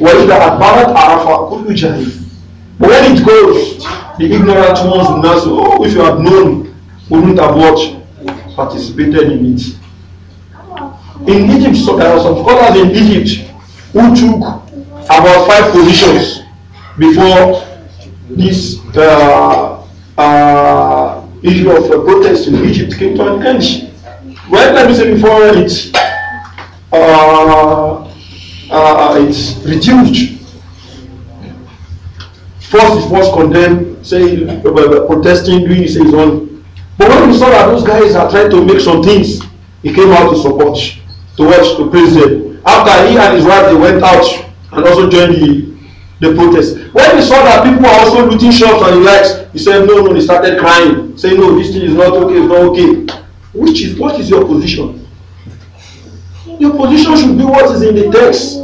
وَإِذَا أَدْبَرَتْ عَرَفَ كُلُّ جَاهِلٍ When it goes, the ignorant ones will not say, oh, if you had known, wouldn't have watched, participated in it. In Egypt, so there are some scholars in Egypt who took about five positions before this uh, uh, issue of uh, protest in Egypt came to an end. Well, let me say before it, uh, uh, it's reduced. First he first condemned, saying, uh, protesting, doing his own. But when he saw that those guys are trying to make some things, he came out to support, to watch, to praise them. After he and his wife, they went out and also joined the, the protest. When he saw that people are also looting shops and the likes, he said, no, no, He started crying, saying, no, this thing is not okay, it's not okay. Which is, what is your position? Your position should be what is in the text.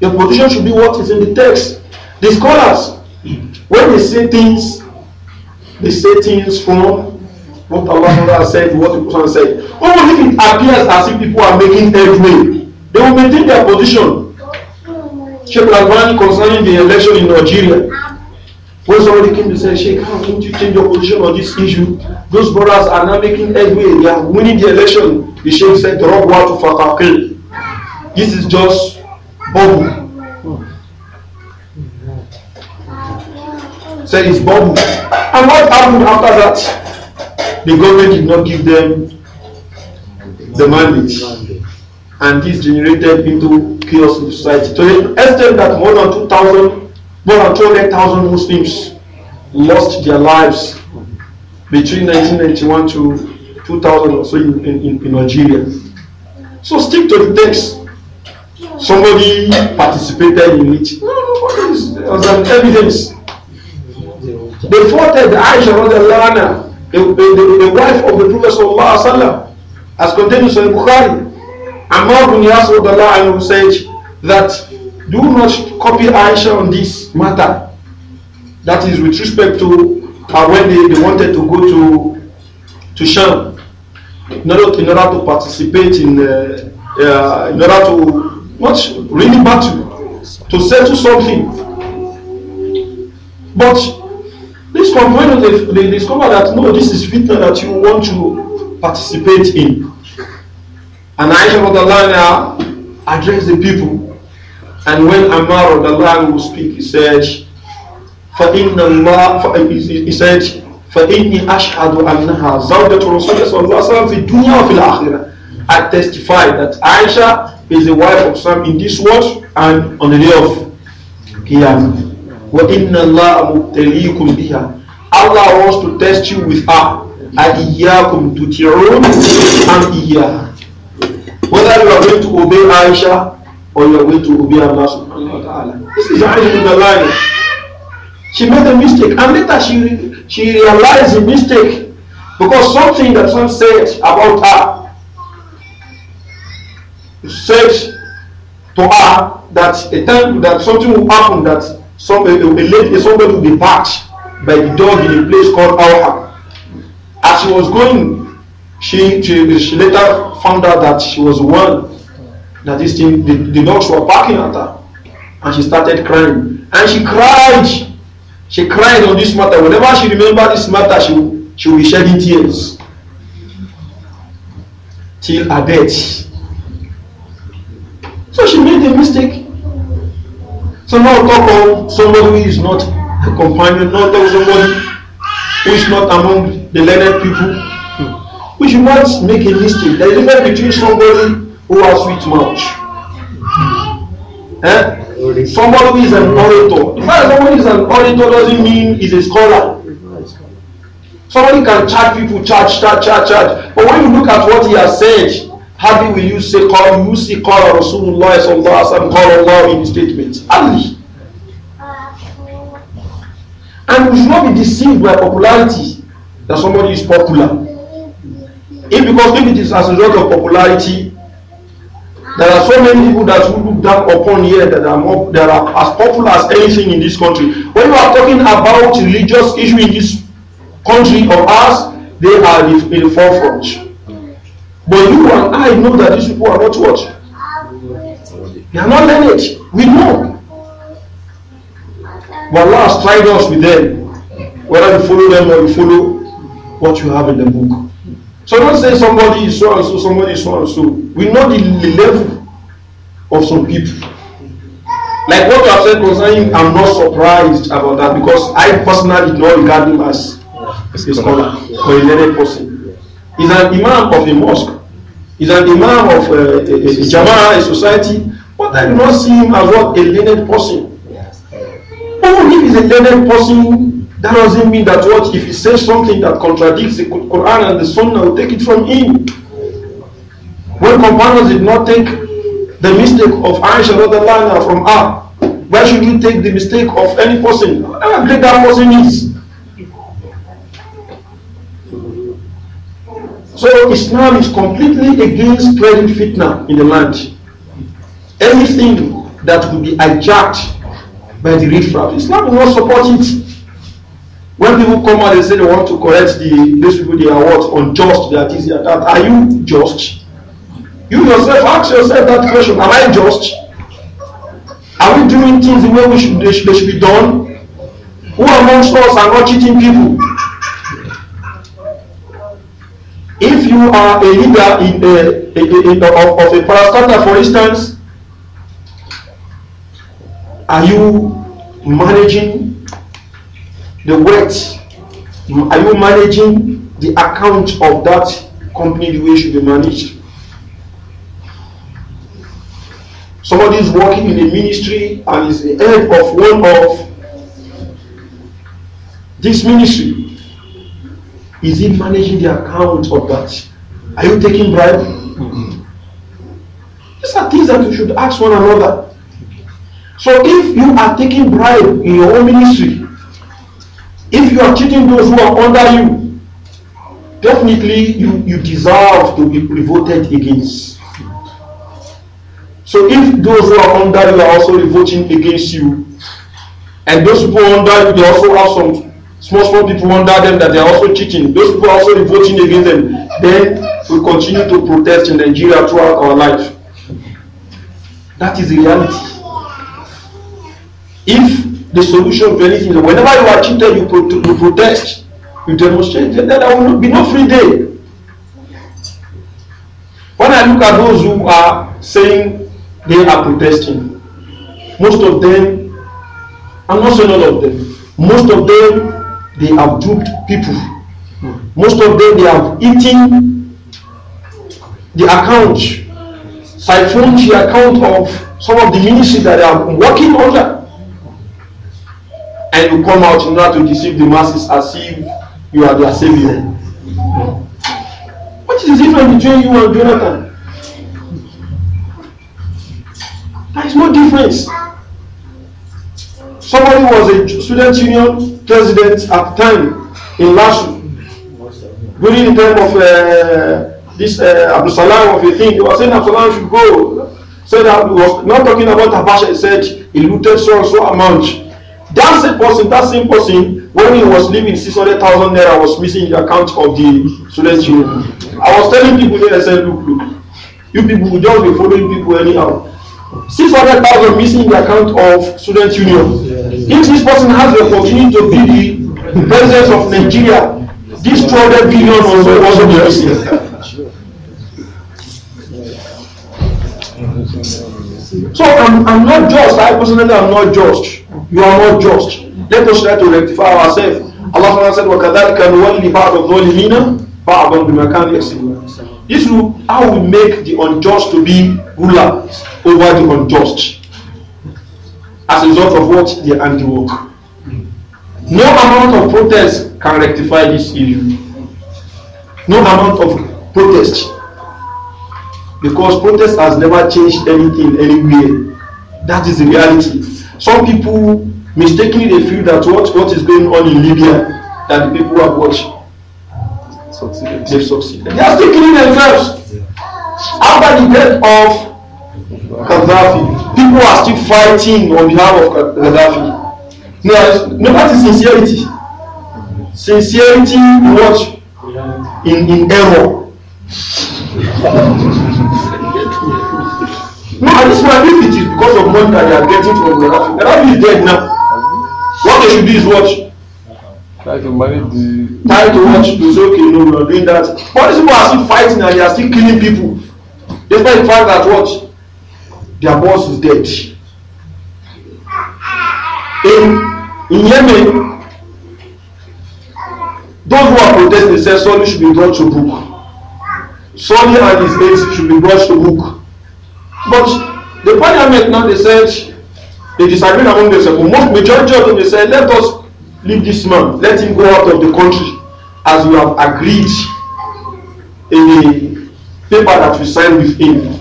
Your position should be what is in the text. The scholars, when they say things, they say things from what Allah said, what the Quran said. Only if it appears as if people are making headway, they will maintain their position. Sheikh Albani concerning the election in Nigeria. When somebody came to say, Sheikh, how can you change your position on this issue? Those brothers are now making headway. They are winning the election. The sheikh said, the Rabwa to Fakakil. This is just bubble. Said it's bubble. And what happened after that? The government did not give them the mandate. And this generated into chaos in society. To the extent that more than two thousand, more than thousand Muslims lost their lives between 1991 to 2000 or so in, in, in Nigeria. So stick to the text. Somebody participated in it. No, no, there was an evidence. They faulted Aisha Radalana, the, the, the, the wife of the Prophet Sallallahu Alaihi as contained in Sahih Bukhari. Ammar bin Yasir will said that do not copy Aisha on this matter. That is with respect to And when they, they wanted to go to to Sham in order to, in order to participate in uh, uh, in order to not really battle to settle something. But this when they, they discover that no, this is fitna that you want to participate in. And Aisha of the land line address the people. And when Ammar of the land will speak, he said. فإن الله he فإني أشهد أنها زوجة رسول الله صلى الله عليه وسلم في الدنيا وفي الآخرة I testify that Aisha is the wife of some in this world and on the day of Qiyamah وإن الله مبتليكم بها Allah wants to test you with her أدياكم تُتِعُونَ أَمْ إِيَّاهَا Whether you are going to obey Aisha or you are going to obey Allah subhanahu wa ta'ala. This is Aisha in the line. She made a mistake. And later she, she realized the mistake because something that someone said about her said to her that a time that something will happen that some a, a lady somebody will be backed by the dog in a place called Aoha. As she was going, she, she, she later found out that she was one that this thing the, the dogs were barking at her and she started crying and she cried She cried on this matter. Whenever she remembered this matter, she, will, she will be shedding tears. Till her death. So she made a mistake. So now talk of somebody who is not a companion, not talk somebody who is not among the learned people. Hmm. We should not make a mistake. There is a difference between somebody who has sweet mouth. Hmm. Eh? Somebody who is an orator. In fact, someone who is an orator doesn't mean he's a scholar. Somebody can charge people, charge, charge, charge, charge. But when you look at what he has said, how will you say, call, you see, call Rasulullah sallallahu alaihi wasallam, call Allah in his statements? Ali. And we should not be deceived by popularity that somebody is popular. If because if it is as a result of popularity, there are so many people that would that upon here that are more, that are as popular as anything in this country. When you are talking about religious issue in this country of ours, they are in the forefront. But you and I know that these people are not what? They are not learned. We know. But Allah has tried us with them. Whether you follow them or you follow what you have in the book. So don't say somebody is so and so, somebody is so and so. We know the level of some people. Like what you have said concerning I'm not surprised about that because I personally do not regard him as a scholar or a learned person. He's an imam of a mosque. He's an imam of uh, a, a, a, jama'ah, a society, but I do not see him as what a learned person. Even if he's a learned person, that doesn't mean that what if he says something that contradicts the Quran and the Sunnah, will take it from him. When companions did not take the mistake of Aisha from her. Why should you take the mistake of any person? How great that person is. So Islam is completely against spreading fitna in the land. Anything that would be hijacked by the riffraff, Islam will not support it. When people come out and say they want to correct the these people they are what unjust, that is that. Are you just? You yourself ask yourself that question Am I just? Are we doing things the way we should, they, should, they should be done? Who amongst us are not cheating people? If you are a leader in a, in, in, of, of a parastatal, for instance, are you managing the weight? Are you managing the account of that company the way it should be managed? Somebody is working in a ministry and is the head of one of this ministry. Is he managing the account of that? Are you taking bribe? These are things that you should ask one another. So if you are taking bribe in your own ministry, if you are cheating those who are under you, definitely you, you deserve to be revolted against. So if those who are under you are also revolting against you, and those people under you, they also have some small, small people under them that they are also cheating, those people are also revolting against them, then we continue to protest in Nigeria throughout our life. That is the reality. If the solution to anything is whenever you are cheated, you, pro you protest, you demonstrate, then there will be no free day. When I look at those who are saying they are protesting. Most of them, I'm not saying all of them, most of them, they have duped people. Most of them, they have eaten the account, siphoned the account of some of the ministry that they are working under. And you come out in order to deceive the masses as if you are their savior. What is the difference between you and Jonathan? There is no difference. Somebody was a student union president at the time in Lasso during the time of uh, this uh, Salam of the thing. He was saying Abdul Salam should go. Said that he was not talking about Abacha. He said he looted so and so amount. That same person, that same person, when he was leaving 600,000 naira was missing in the account of the student union. I was telling people there, I said, look, look, you people will just be following people anyhow. Six hundred thousand missing in the account of student union. If this person has the opportunity to be the president of Nigeria, this 200 billion or so also be missing. So I'm, I'm not just, I personally am not just. You are not just. Let us try to rectify ourselves. Allah said, وَكَذَلِكَ نُوَلِّ بَعْضَ الظَّالِمِينَ بعضهم This will how we make the unjust to be ruler over the unjust as a result of what they anti-work. No amount of protest can rectify this issue. No amount of protest. Because protest has never changed anything anywhere. That is the reality. Some people mistakenly they feel that what, what is going on in Libya, that the people are watching succeeded. They succeeded. They are still killing themselves. After the death of Gaddafi, people are still fighting on behalf of Gaddafi. no, nobody sincerity. Sincerity in what? In, in error. no, at this point, if it is because of money that they are getting from Gaddafi, Gaddafi is dead now. What they should do is watch. Try to manage the. Try to watch this. Okay, no, we are doing that. But these people are still fighting and they are still killing people. Despite the fact that what? Their boss is dead. In, in Yemen, those who are protesting said Sunni should be brought to book. Sunni and his aides should be brought to book. But the parliament now they said they disagreed among themselves. Most majority of them they said let us leave this man let him go out of the country as you have agreed in the paper that you signed with him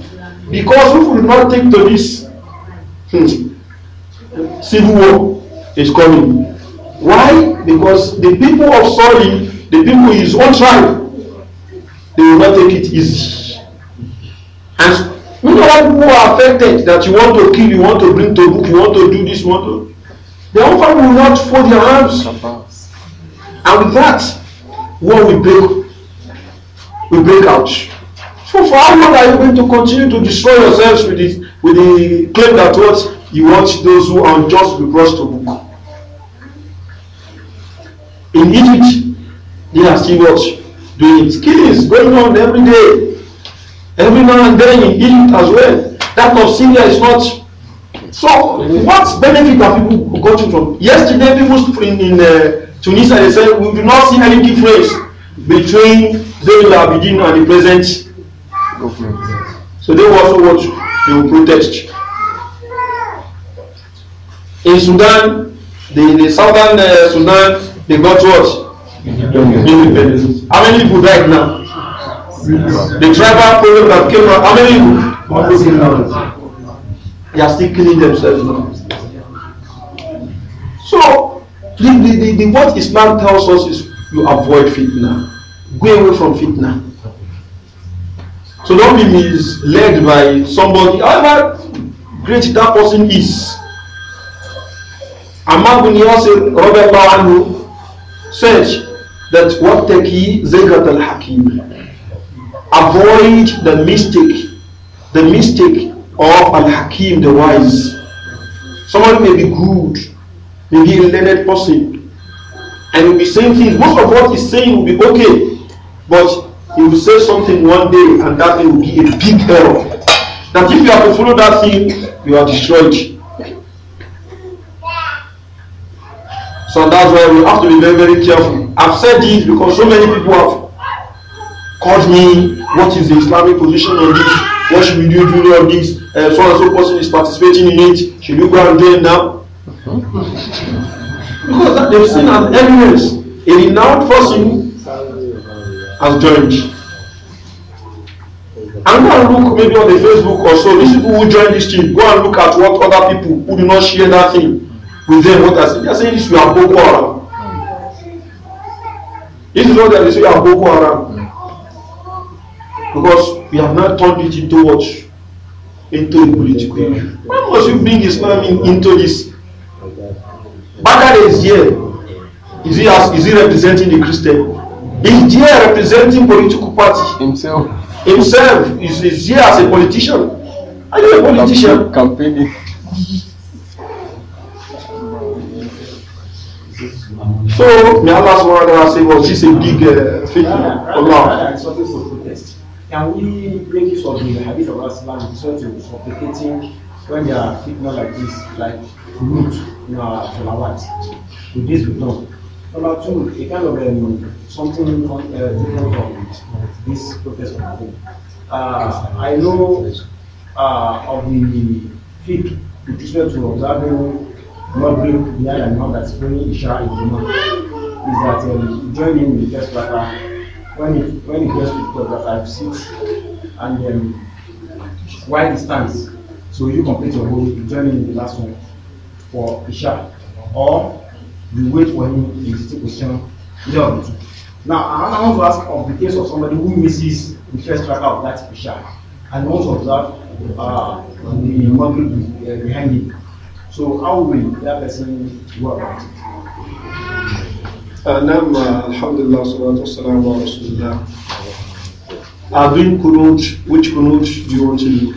because if we not take to this hmm, civil war is coming why because the people of sorry the people his own tribe they will not take it easy and you know what people are affected that you want to kill you want to bring to book you want to do this you want to The woman will not fold their arms. And with that, what we break, we break out. So for how long are you going to continue to destroy yourselves with the, with the claim that what you want those who are unjust be brought to book? In Egypt, they are still what? Doing it. Killings going on every day. Every now and then in Egypt as well. That of Syria is not So, what benefit are people gotten from? Yesterday, people in, in uh, Tunisia they said we do not see any difference between the that beginning and the present. So they also watch. They will protest. In Sudan, the, the southern uh, Sudan, they got what? Independence. How many people died now? The tribal problem that came out. How many people? they are still killing themselves now. So, the, the, the, the, what Islam tells us is you avoid fitna. Go away from fitna. So don't be misled by somebody, however great that person is. Ammar bin Yasir anhu, said that zegat al hakim. Avoid the mistake, the mistake or Al-Hakim, the wise. Someone may be good, may be a learned person, and will be saying things. Most of what he's saying will be okay, but he will say something one day, and that will be a big error. That if you have to follow that thing, you are destroyed. So that's why we have to be very, very careful. I've said this because so many people have called me, what is the Islamic position on this? What should we do, do on this? uh, so and so person is participating in it, should you go and join now? because that they've seen as evidence a renowned person has joined. And go and look maybe on the Facebook or so, these people who join this team, go and look at what other people who do not share that thing with them, what are saying. They are saying this we are Boko Haram. This is what they say, we are Boko Haram. Because we have not turned it into what into the political Why must you bring Islam in, into this? Baghdad is here. Is he, as, is he representing the Christian? Is here representing political party. Himself. Himself is, is here as a politician. Are you a politician? Campaigning. so, may Allah subhanahu wa ta'ala save us. This a big uh, fitna. Allah. Can we make use of the habit of Islam in terms of supplicating when there are fitna like this, like root in our salawat? Would this be done? Number two, a kind of um, something on, uh, different from this protest of the uh, I know uh, of the fit, with respect to not Maghrib, Bilal, and not that very Isha in the month is that um, joining the first rakah when it when it gets picked up that I've seen and um, wide distance so you complete your whole you join him in the last one for Isha or you wait for him in the sitting position either of the two now I want to ask of the case of somebody who misses the first track of that Isha and wants to observe uh, the Maghrib uh, behind him so how will that person work? about نعم Alhamdulillah, لله والصلاة والسلام على رسول الله uh, kunut, which kunut do you want to do?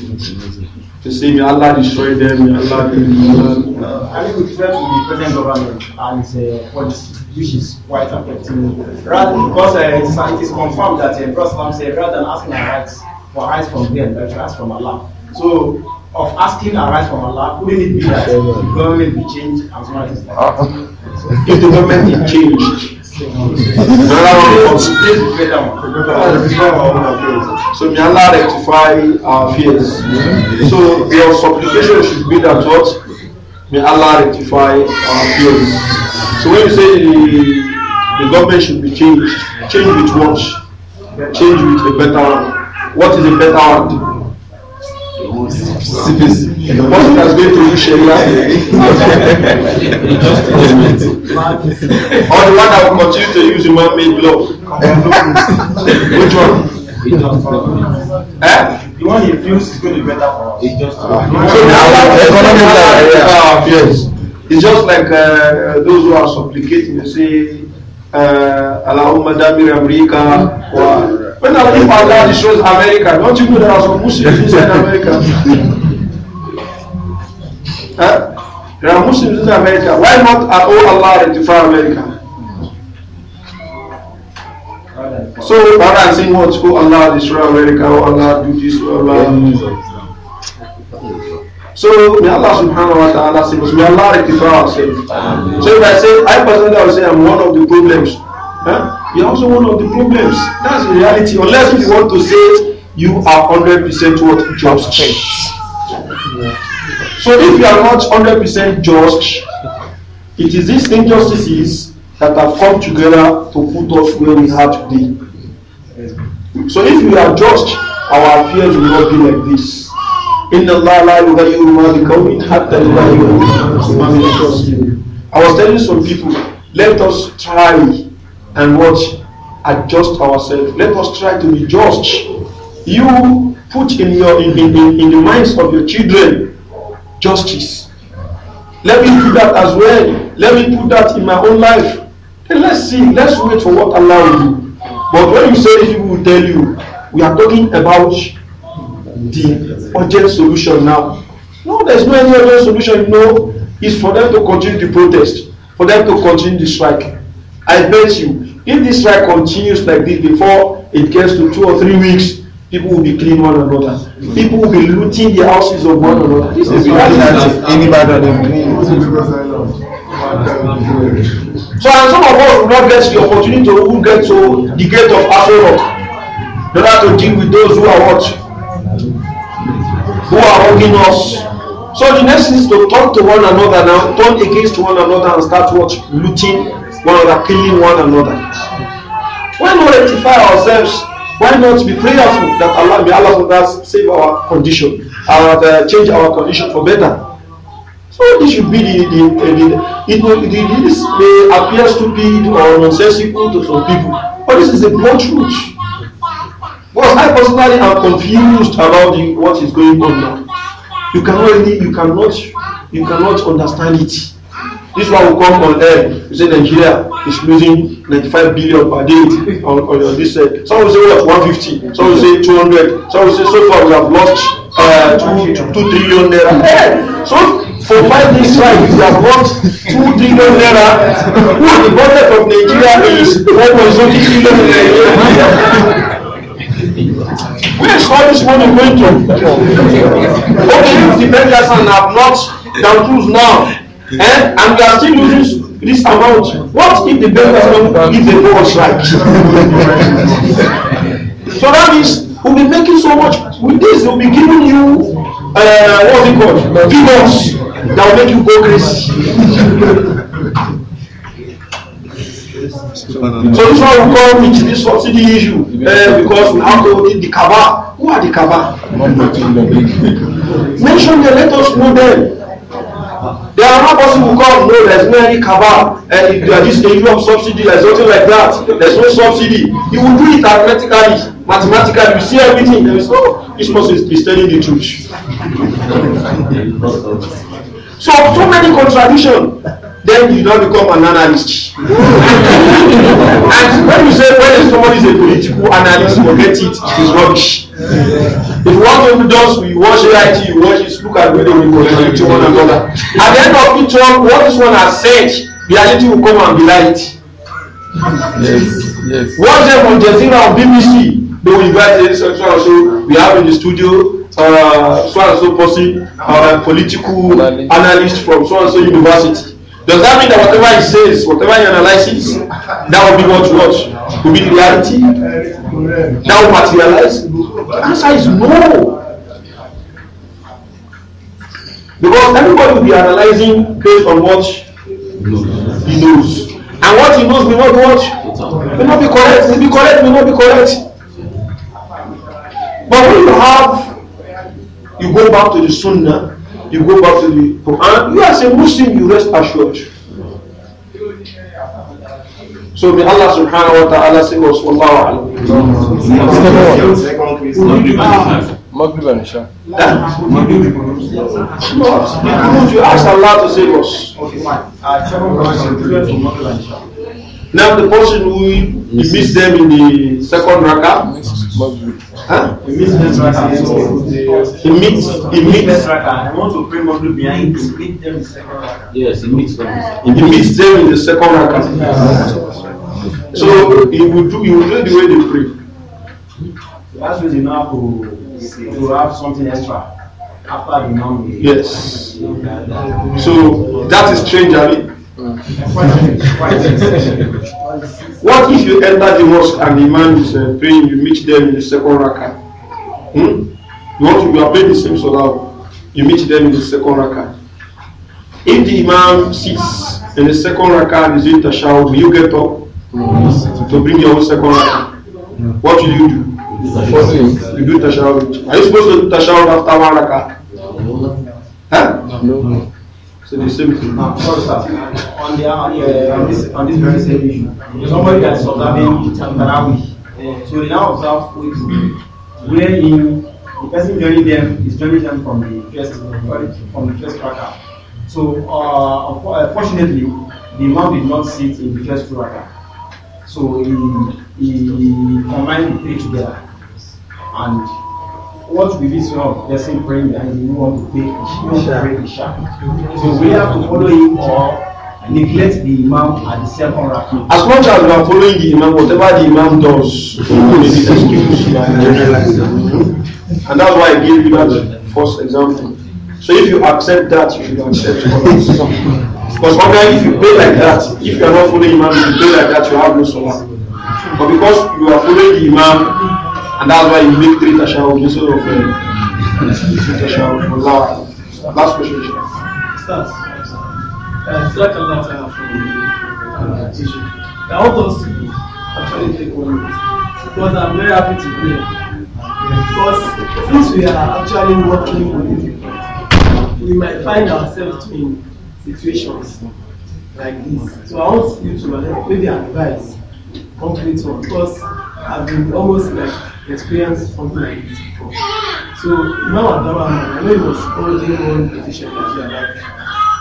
To say, may Allah destroy them, may Allah them. Uh, I think we prefer to be present government and uh, policy, which is quite affecting. Rather, because uh, scientists confirm that uh, Prophet said, rather than asking our rights for rights from them, that you ask from Allah. So, of asking our rights from Allah, wouldn't it be that the government be changed as and as that? if the government is changed so may Allah rectify our fears. So your supplication should be that what? May Allah rectify our fears. So when you say the, the government should be changed, change with what? Change with a better What is a better one? CPC. What has been to you, Sheila? or the one that will continue to use human made law? Which one? Eh? The one he feels is going to be better for us. It's just uh, so now, economic uh, yes. It's just like uh, those who are supplicating, You say, uh, Allahumma damir America. When Allah, if Allah destroys America, don't you know there are some Muslims inside America? There are Muslims in America. Why not allow Allah rectify America? So rather I'm saying what, oh Allah destroy America, oh Allah do this, oh Allah. So may Allah subhanahu wa ta'ala say, May Allah rectify ourselves. So if I say, I personally I would say I'm one of the problems. Huh? You're also one of the problems. That's the reality. Unless you want to say you are 100% what? Just change. So if you are not 100% just, it is these injustices that have come together to put us where we are today. So if we are just, our affairs will not be like this. In the la I was telling some people, let us try and what adjust ourselves. Let us try to be just. You put in your in, in, in the minds of your children justice. Let me do that as well. Let me put that in my own life. Then let's see. Let's wait for what Allah will do. But when you say people will tell you, we are talking about the urgent solution now. No, there's no any urgent solution. no, it's for them to continue the protest, for them to continue the strike. I bet you, if this strike continues like this before it gets to two or three weeks, people will be killing one another people will be looting the houses of one another this is the reality in Ibadan dem so and some of us will not get the opportunity to even get to the gate of Asorok in order to deal with those who are what who are hugging us. So the next is to talk to one another now, turn against one another and start what? Looting one another, killing one another. When we rectify ourselves, Why not be prayerful that Allah may Allah subhanahu save our condition, and uh, change our condition for better. So this should be the, the, uh, the it will, this may appear stupid or nonsensical to some people, but this is a broad truth. Because I personally am confused about the, what is going on now. You cannot really, you cannot, you cannot understand it. This one will come on air. You say Nigeria is losing 95 billion per day on, on, on this. Uh, some will say we what 150, some will say 200, some will say so far we have lost uh, two, two, two trillion naira. Hey, so for five days right we have lost two trillion naira. Who the budget of Nigeria is 1.0 trillion naira. Where is all this money going to? Okay, if the bankers are not down tools now. Eh? And we are still using this amount. What if the best person if they know us so that means we'll be making so much. With this, we'll be giving you uh, what's it called? Figures that will make you go crazy. So this one we call with this subsidy issue uh, because we have to need the cover. Who are the cover? Mention them, let us know them. There are not who come. No, there's no any cabal. And if there is issue of subsidy, there's nothing like that. There's no subsidy. You will do it arithmetically, mathematically. You see everything. There is no. This person is, is telling the truth. so, so many contradictions then you now become an analyst. and when you say when somebody is a political analyst, forget it, it is rubbish. If you want to be done, you watch AIT, you watch it, look at where they will contradict one another. At the end of each one, what this one has said, the reality will come and be light. Yes, yes. Watch them on Jazeera or BBC, they will invite the so and so, we have in the studio uh, so and so person, uh, political analyst from so and so university. Does that mean that whatever he says, whatever he analyzes, that will be what you watch? will be the reality? That will materialize? The answer is no. Because everybody will be analyzing based on what he knows. And what he knows may not be what? May not be correct. May be correct, may not be correct. But when you have, you go back to the Sunnah you go back to the Quran, you as a Muslim, you rest assured. So may Allah subhanahu wa ta'ala say us. Wallahu a'lam. Maghrib and Isha. You ask Allah to save us. Okay, fine. Uh, second question, Now the person who yes. missed them in the second raka, huh? He missed them raka. So he missed. He missed raka. I want to pray more behind. He missed them in second raka. Yes, he missed them. He missed them in the second raka. Yeah. So he will do. He will do the way they pray. That's reason enough to to have something extra after the non. Yes. So that is change, Ali. Mm. what if you enter the mosque and the imam is uh, praying, you meet them in the second raka? Hmm? You want to, you are praying the same salah, you meet them in the second raka. If the imam sits in the second raka and is doing tashahud, will you get up mm. to bring your own second raka? Mm. What will you do? You do tashahud. Are you supposed to do tashahud after one raka? No. Huh? no. no. So they seem to now, on the uh, on this on this very same issue. Somebody that's observing Taraweeh. Uh, so they now observe with wherein the person joining them is joining them from the first from the first tracker. So uh, uh fortunately, the imam did not sit in the first tracker. So he, he combined the three together and what will this one person praying and you want to pay he Isha, pray Isha. So we have to follow him or neglect the imam at the second rakah. As much as we are following the imam, whatever the imam does, and that's why I gave you that first example. So if you accept that, you should accept Because sometimes if you pay like that, if you are not following imam, you pay like that, you have no salah. But because you are following the imam, And that's why you make three tashahud instead of tashahud. Allah. Last question, Ustaz, uh, Jazakallah for uh, teaching. Now, all those people actually take one because I'm very happy to be here. Because since we are actually working with you, we might find ourselves in situations like this. So I want you to uh, maybe advise concrete one because I've been almost like experience something like this before. So now at that one, I know it was already one petition that you are like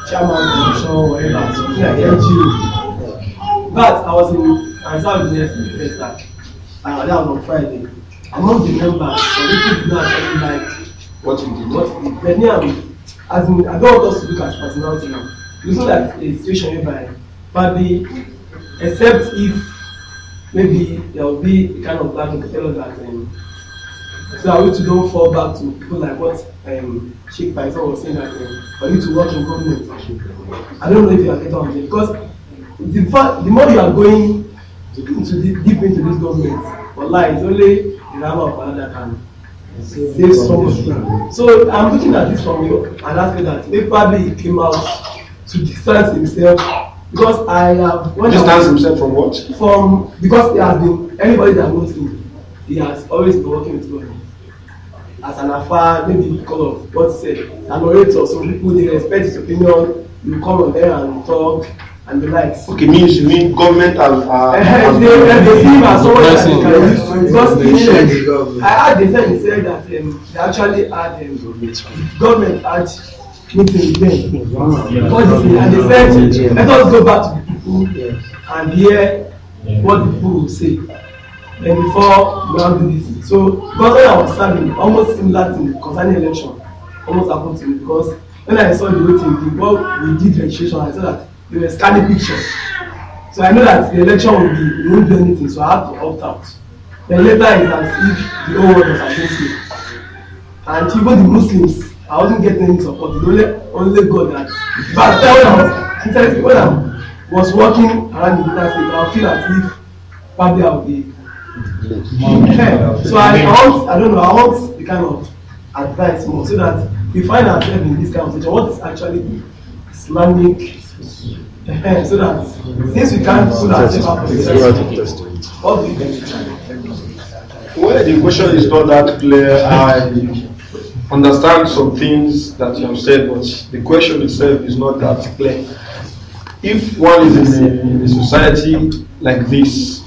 chairman, commission, whatever, something like NGO. But I was in Anzal there for the first time. Uh, that was on Friday. Among the members, some people did not tell me like what we did. What we did. But yeah, as in, I don't want us to look at personality now. You see like a situation whereby, but the, except if maybe there will be a kind of bad capital that um, so I want to don't fall back to people like what um, Sheikh Faisal was saying that um, for you to work in government. I don't know if you are getting on it because the, fact, the more you are going into the, deep into this government, wallahi, it's only the rabbi of that can save someone. So I'm looking at this from you and asking that maybe probably he came out to distance himself because I have. Distance himself from what? From because he has been anybody that goes to, he has always been working with God. As an affair, maybe because of what he said, an orator, some people they respect his opinion. You come on there and talk and the likes. Okay, means you mean government and Uh, as they they see him as someone that they can use to because they said I had the time he said that um, they actually had um, government had make them bend. is it? And they said, let us go back to the people and hear what the people will say. And before we now do this. So, because when I was serving, almost similar thing concerning election almost happened to me because when I saw the voting thing, before we did registration, I saw that they were scanning pictures. So I know that the election will be, we won't do anything, so I had to opt out. Then later it's as if the old world was against me. And even the Muslims I wasn't getting any support. The only, only God that. But when I was interested, when I was walking around the United States, I would feel as if probably I would be. Yeah. So I, want, I don't know, I want the kind of advice more so that we find ourselves in this kind of situation. What is actually Islamic? so that since we can't so that what the question is not that clear. I understand some things that you have said, but the question itself is not that clear. If one is in a, in a society like this,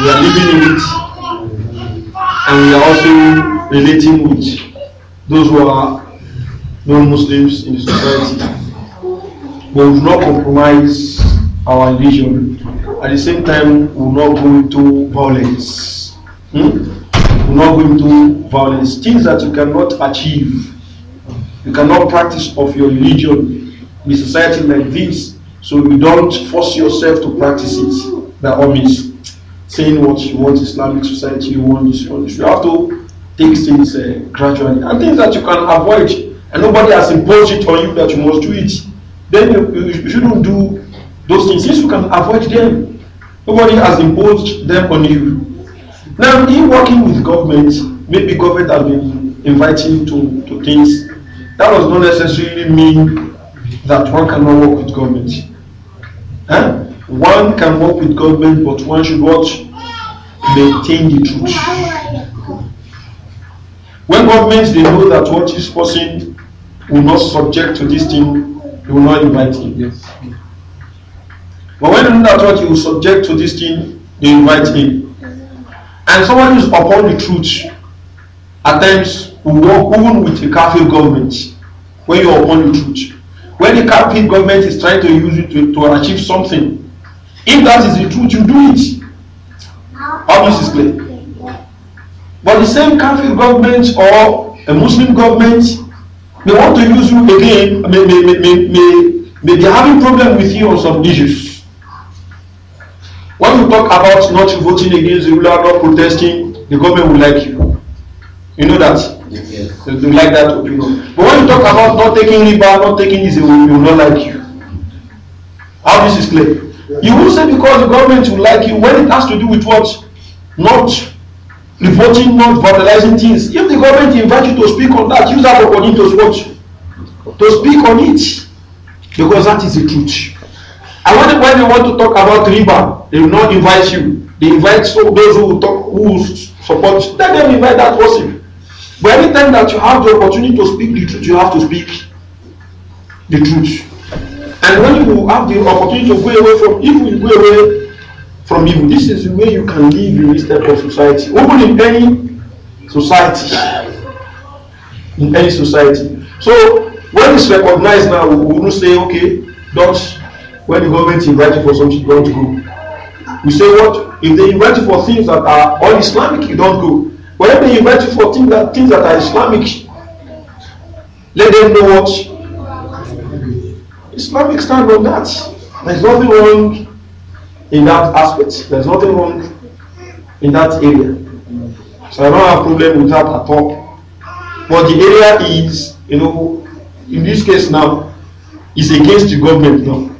we are living in it, and we are also relating with those who are non-Muslims in the society. But we will not compromise our religion. At the same time, we will not go into violence. Hmm? You're not going to violence, things that you cannot achieve. You cannot practice of your religion in a society like this, so you don't force yourself to practice it by all means. Saying what you want, Islamic society, you want this, you want this. You have to take things uh, gradually and things that you can avoid, and nobody has imposed it on you that you must do it. Then you, you shouldn't do those things. Since you can avoid them, nobody has imposed them on you. Now, in working with government, maybe government has been inviting to, to things. That does not necessarily mean that one cannot work with government. Huh? One can work with government, but one should not maintain the truth. When governments they know that what this person will not subject to this thing, they will not invite him. Yes. But when they know that what he will subject to this thing, they invite him. And someone who's upon the truth at times will work even with the Catholic government when you're upon the truth. When the Catholic government is trying to use you to, to achieve something, if that is the truth, you do it. Obvious clear. But the same Catholic government or a Muslim government may want to use you again, may, may, may, may, may, may be having problem with you on some issues. When you talk about not voting against the ruler, not protesting, the government will like you. You know that? Yes. They like that opinion. But when you talk about not taking riba, not taking this, they will, will not like you. How this is clear? Yes. You will say because the government will like you when it has to do with what? Not reporting, not vandalizing things. If the government invite you to speak on that, use that opportunity to what? To speak on it. Because that is the truth. And when, when they want to talk about riba, they will not invite you. They invite so those who talk, who support. Let them invite that person. But anytime that you have the opportunity to speak the truth, you have to speak the truth. And when you have the opportunity to go away from evil, you go away from evil. This is the way you can live in this type of society. Even in any society. In any society. So when it's recognized now, we will say, okay, don't when the government invites you for something, you don't go. You say what? If they invite you for things that are all islamic you don't go. When they invite you for things that, things that are Islamic, let them know what Islamic stand on that. There's nothing wrong in that aspect. There's nothing wrong in that area. So I don't have a problem with that at all. But the area is, you know, in this case now, is against the government now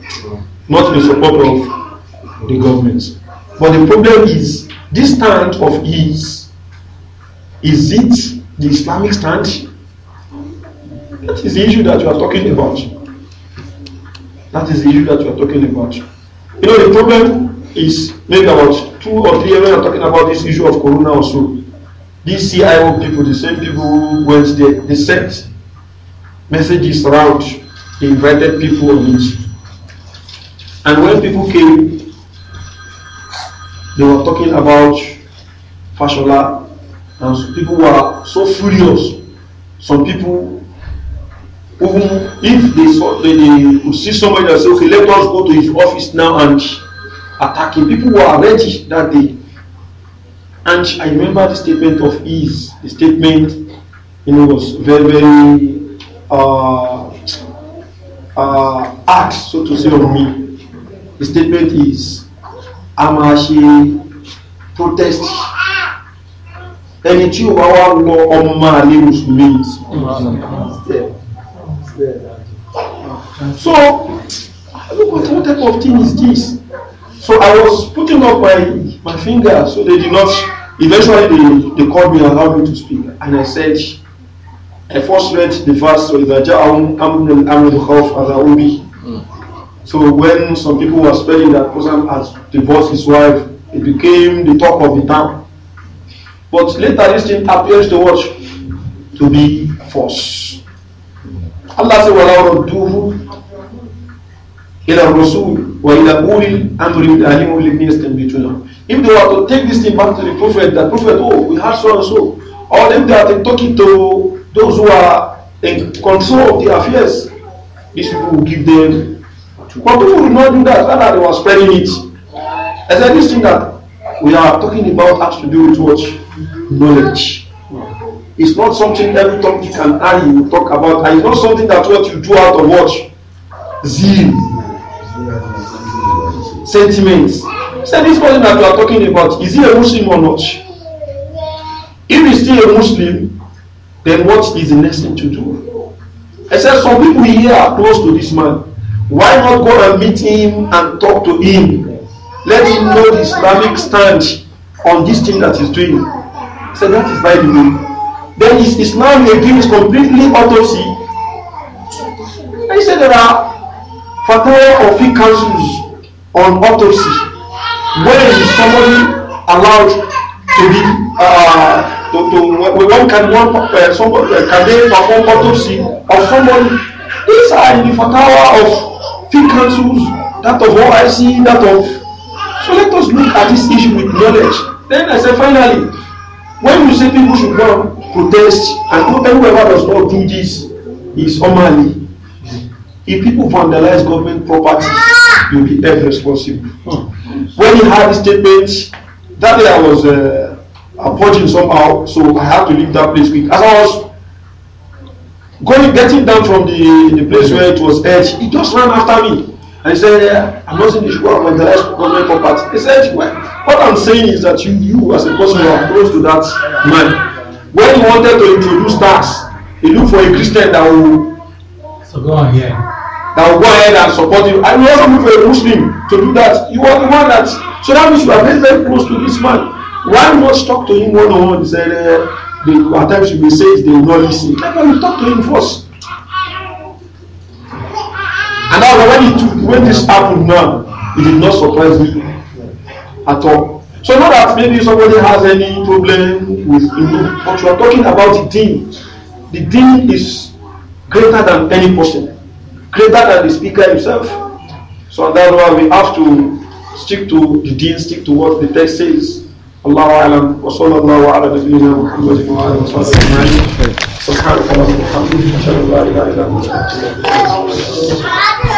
not the support of the government. But the problem is this stand of his, is it the Islamic stand? That is the issue that you are talking about. That is the issue that you are talking about. You know, the problem is maybe about two or three years we are talking about this issue of corona also. These CIO people, the same people who went there, they sent messages around, they invited people on And when people came, they were talking about Fashola, and people were so furious. Some people, even if they saw, they, they would see somebody that say, "Okay, let us go to his office now and attack him." People were ready that day, and I remember the statement of ease. The statement, you know, was very, very uh, uh, act, so to say, on me the statement is a máa ṣe protest ẹni tí ò bá wá wọ ọmọ máa lé mùsùlùmí so look what, what type of thing is this so i was putting up my my finger so they did not eventually they they called me and allowed me to speak and i said i first read the verse so ìdájà àwọn amúnú amúnú kọ́ fàdà omi. So when some people were spreading that Muslim has divorced his wife, it became the talk of the town. But later this thing appears to watch to be false. Allah said, وَلَوْ رَدُّوهُ Rasul wa وَإِلَى أُولِي amri مِنْ أَهْلِهِمْ وَالَّذِينَ يَسْتَنْبِطُونَهُ If they were to take this thing back to the Prophet, the Prophet, oh, we had so and so. Or if they are talking to those who are in control of the affairs, these people will give them But people will not do that. Rather, they were spreading it. I said, this thing that we are talking about has to do with what? Knowledge. It's not something every topic you can add you talk about. And it's not something that what you do out of what? Zeal. Sentiments. Say this person that you are talking about, is he a Muslim or not? If he's still a Muslim, then what is the next thing to do? I said, some people here are close to this man. Why not go and meet him and talk to him? Let him know the Islamic stand on this thing that he's doing. So That is by the way. Then is Islam is completely autopsy? And he said, There are fatwa or fee councils on autopsy. Where is somebody allowed to be? Uh, to, to, one can one uh, somebody, uh, can they perform autopsy of somebody? These are the fatwa of Think councils, that of OIC, that of. So let us look at this issue with knowledge. Then I say, finally, when you say people should go protest and whoever does not do this is Omali, if people vandalize government property, you'll be held responsible. Hmm. When he had the statement, that day I was uh, approaching somehow, so I had to leave that place quick. As I was going getting down from the the place where it was edge he just ran after me and he said i'm not saying you should go and vandalize government property he said well what i'm saying is that you you as a person are close to that man when he wanted to introduce tax he look for a christian that will so go on here that will go ahead and support him and he also look for a muslim to do that you are the one that so that means you are very very close to this man why not talk to him one on one he said. Uh, They, at times you may say it, they will not listen. That's why you talk to him first. And now when, it, when this happened now, it did not surprise me at all. So not that maybe somebody has any problem with you, know, but you are talking about the deen. The deen is greater than any person, greater than the speaker himself. So that's why we have to stick to the deen, stick to what the text says. الله أعلم وصلى الله على نبينا محمد وعلى آله وصحبه أجمعين سبحانك اللهم وبحمدك أشهد أن لا إله إلا أنت